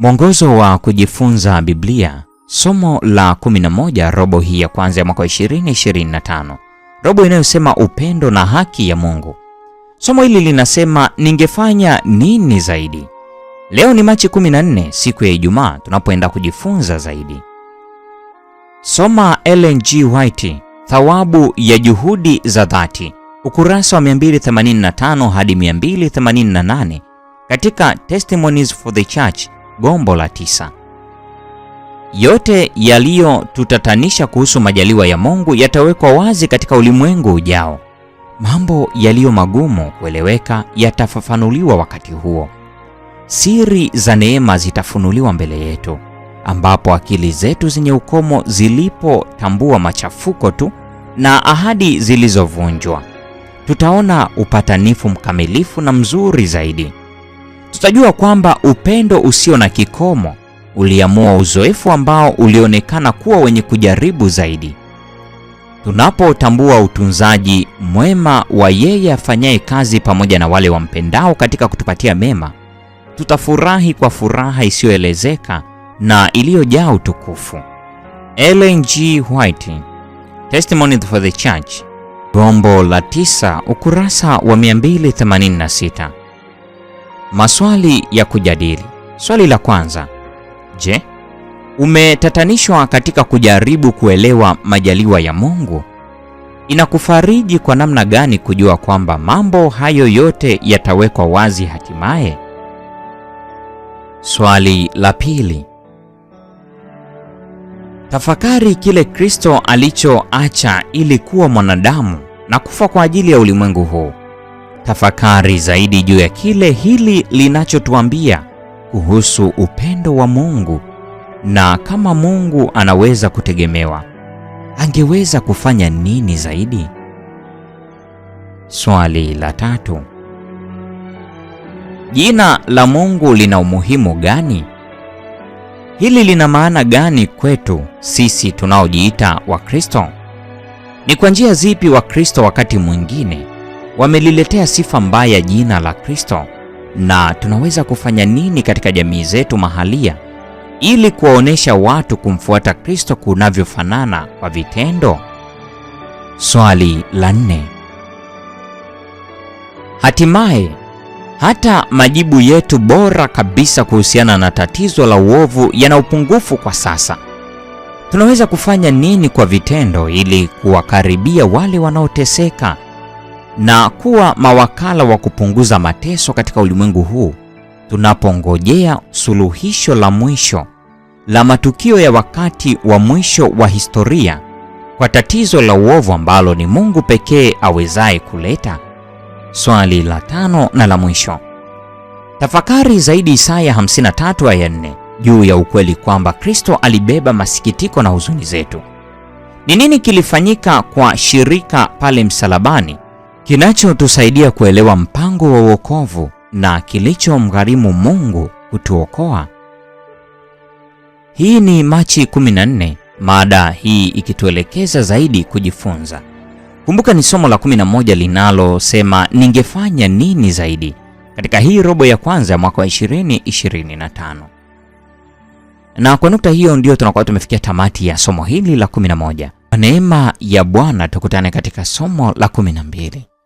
Mwongozo wa kujifunza Biblia, somo la 11, robo hii ya kwanza ya mwaka 2025, robo inayosema upendo na haki ya Mungu. Somo hili linasema ningefanya nini zaidi? Leo ni Machi 14, siku ya Ijumaa, tunapoenda kujifunza zaidi. Soma Ellen G. White, thawabu ya juhudi za dhati, ukurasa wa 285 hadi 288 katika Testimonies for the Church Gombo la tisa. Yote yaliyotutatanisha kuhusu majaliwa ya Mungu yatawekwa wazi katika ulimwengu ujao. Mambo yaliyo magumu kueleweka yatafafanuliwa wakati huo. Siri za neema zitafunuliwa mbele yetu, ambapo akili zetu zenye ukomo zilipotambua machafuko tu na ahadi zilizovunjwa, tutaona upatanifu mkamilifu na mzuri zaidi tutajua kwamba upendo usio na kikomo uliamua uzoefu ambao ulionekana kuwa wenye kujaribu zaidi. Tunapotambua utunzaji mwema wa yeye afanyaye kazi pamoja na wale wampendao katika kutupatia mema, tutafurahi kwa furaha isiyoelezeka na iliyojaa utukufu. Ellen G. White, Testimony for the Church, gombo la tisa, ukurasa wa 286. Maswali ya kujadili. Swali la kwanza. Je, umetatanishwa katika kujaribu kuelewa majaliwa ya Mungu? Inakufariji kwa namna gani kujua kwamba mambo hayo yote yatawekwa wazi hatimaye? Swali la pili. Tafakari kile Kristo alichoacha ili kuwa mwanadamu na kufa kwa ajili ya ulimwengu huu tafakari zaidi juu ya kile hili linachotuambia kuhusu upendo wa Mungu na kama Mungu anaweza kutegemewa, angeweza kufanya nini zaidi? Swali la tatu. Jina la Mungu lina umuhimu gani? Hili lina maana gani kwetu sisi tunaojiita Wakristo? Ni kwa njia zipi Wakristo wakati mwingine wameliletea sifa mbaya jina la Kristo, na tunaweza kufanya nini katika jamii zetu mahalia ili kuwaonesha watu kumfuata Kristo kunavyofanana kwa vitendo? Swali la nne. Hatimaye, hata majibu yetu bora kabisa kuhusiana na tatizo la uovu yana upungufu kwa sasa. Tunaweza kufanya nini kwa vitendo ili kuwakaribia wale wanaoteseka na kuwa mawakala wa kupunguza mateso katika ulimwengu huu tunapongojea suluhisho la mwisho la matukio ya wakati wa mwisho wa historia kwa tatizo la uovu ambalo ni Mungu pekee awezaye kuleta. Swali la tano na la mwisho. Tafakari zaidi Isaya 53 aya 4 juu ya ukweli kwamba Kristo alibeba masikitiko na huzuni zetu. Ni nini kilifanyika kwa shirika pale msalabani kinachotusaidia kuelewa mpango wa wokovu na kilichomgharimu Mungu kutuokoa. Hii ni Machi 14, mada hii ikituelekeza zaidi kujifunza. Kumbuka ni somo la 11 linalosema ningefanya nini zaidi katika hii robo ya kwanza ya mwaka wa 2025. Na kwa nukta hiyo ndio tunakuwa tumefikia tamati ya somo hili la 11. Kwa neema ya Bwana tukutane katika somo la 12.